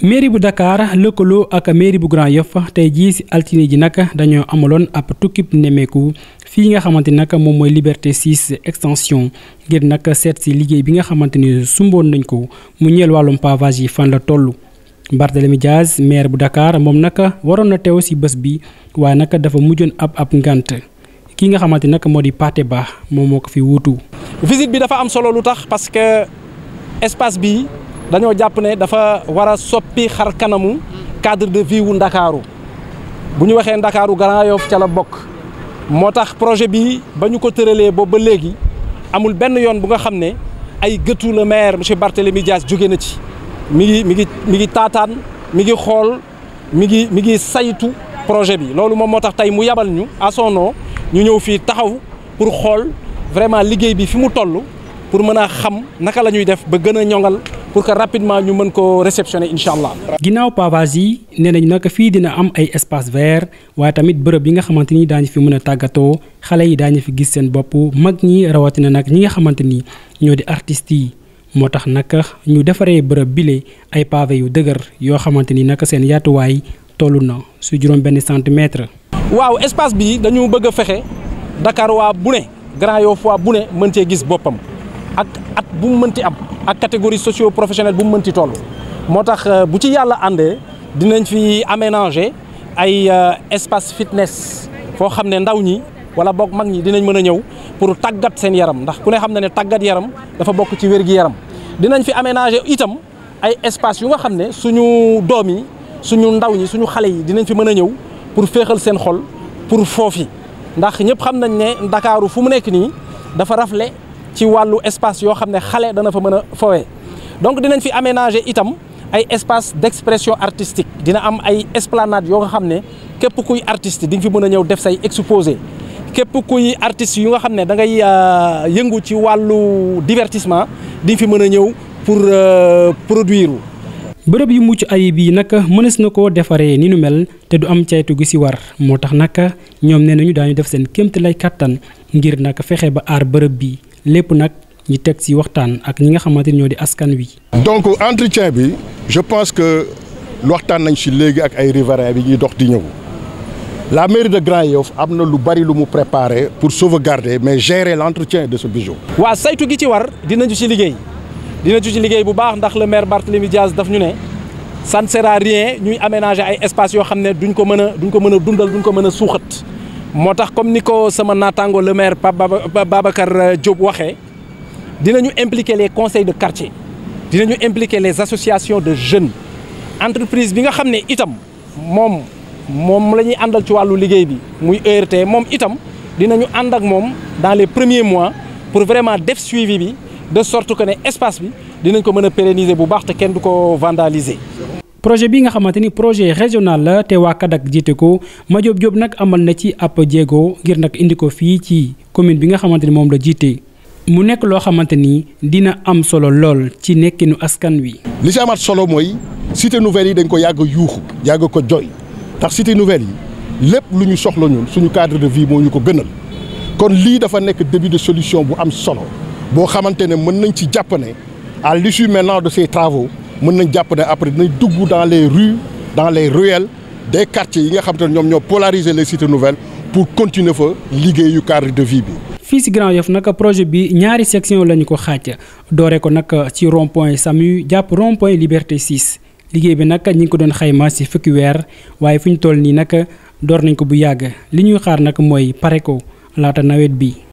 mairie bu Dakar lëkkaloo ak mairie bu Grand Yoff tey jii ci altine ji nag dañoo amaloon ab tukkib nemmeeku fii nga xamante nag moom mooy Liberté 6 extension ngir nag seet ci liggéey bi nga xamante ne sumboon nañ ko mu ñeel wàllum pavage yi fan la toll. Barthélemy Diaz maire bu Dakar moom nag waroon na teew ci bés bi waaye nag dafa mujjoon ab ab ngant ki nga xamante nag moo di Pathé Ba moom moo ko fi wutu visite bi dafa am solo lu tax parce que dañoo japp ne dafa war a soppi xar kanamu cadre de vie wu ndakaaru bu ñu waxee ndakaaru Grand Yoff ca la bokk moo tax projet bi ba ñu ko tëralee boobu ba léegi amul benn yoon bu nga xam ne ay gëtu le maire monsieur Barthélémy Dias jóge na ci mi ngi mi ngi mi ngi taataan mi ngi mi mi ngi saytu projet bi loolu moom moo tax tey mu yabal ñu à son nom ñu ñëw fii taxaw pour xool vraiment liggéey bi fi mu toll pour mën a xam naka la ñuy def ba gën a pour que rapidement ñu mën ko réceptionner incha allah. ginnaaw pavage yi nee nañ nag fii dina am ay espace vert waaye tamit bërëb yi nga xamante ni daañu fi mën a tàggatoo xale yi daañu fi gis seen bopp mag ñi rawatina nag ñi nga xamante ni ñoo di artistes yi. moo tax nag ñu defaree bërëb bile ay pavé yu dëgër yoo xamante ni nag seen yaatuwaay tollu na su juróom benn centimètre. waaw espace bi dañu bëgg a fexe Dakar waa bu ne Grand Yoff waa bu ne mën cee gis boppam at bu mu mënti am ak catégorie socio professionnelle bu mu mënti toll. moo euh, bu ci yalla andé dinañ fi aménager ay euh, espace fitness fo xamné ndaw ñi wala bok mag ñi dinañ mëna ñëw pour tagat seen yaram ndax ku ne xamné yaram dafa bok ci yaram dinañ fi aménager itam ay espace yu nga xam suñu doom suñu ndaw ñi suñu xalé yi dinañ fi mëna ñëw pour fexal seen xol pour fofi ndax ñëpp xam nañ ne fu mu nekk ni dafa raflé ci wàllu espace yoo xam ne xale dana fa mën a fowee donc dinañ fi aménager itam ay espace d'expression artistique dina am ay esplanade yoo nga xam ne képp kuy artiste di fi mën a ñëw def say exposé képp kuy artiste yu xam ne da ngay euh, yëngu ci wàllu divertissement di fi mën a ñëw pour euh, produire bërëb yu mucc ayib yi nag mënees na koo defaree ni nu mel te du am caytu gi ci war moo tax nag ñoom nee nañu daañu def seen lay kàttan ngir nag fexe ba aar bërëb bii lépp nag ñi teg ci waxtaan ak ñi nga xamante ñoo di askan wi. donc entretien bi je pense que waxtaan nañ ci léegi ak ay riverains bi ñuy dox di ñëw la mairie de Grand-Yoff am na lu bari lu mu préparé pour sauvegarder mais gérer l'entretien de ce bijou. waa saytu gi ci war dinañu ci liggéey dinañu ci liggéey bu baax ndax le maire Barthélémy Diaz daf ñu ne ça ne sera rien ñuy aménager ay espace yoo xam ne duñ ko mën a duñ ko mën a dundal duñ ko mën a suuxat motax comme niko sama natango le maire Pape Babacar euh, Diop waxé dinañu impliquer les conseils de quartier dinañu impliquer les associations de jeunes Entreprises, bi nga xamné itam mom mom lañuy andal ci walu liguey bi muy ERT mom itam dinañu ànd ak moom dans les premiers mois pour vraiment def suivi bi de sorte que né espace bi dinañ ko mën pérenniser bu baax te kenn du vandaliser projet bi nga xamanteni projet régional la te wa Kadak jité ko job job nak amal na ci ab jéego ngir nak indiko fi ci commune bi nga la mu dina am solo lol ci nekkinu askan wi. li solo moy cité nouvelle yi ko ko joy tax cité nouvelle yi cadre de vie qui ko gënal kon li dafa de solution bu am solo un xamanteni qui mën nañ ci à l'issue maintenant de ces travaux mën nañ après nous dugg dans les rues dans les ruelles des quartiers yi nga xam ñoo polariser les cités nouvelles pour continuer liguer liggéeyu cadre de vie bi. fii si Grand Yoff nak projet bi ñaari section lañ ko xaaj doore ko nak ci rond point SAMU japp rond point Liberté 6 liggéey bi nak ñing ko doon xayma si fukki weer waye fi toll ni nak door nañ ko bu yagg liñuy xaar nak moy paré ko laata nawet bi.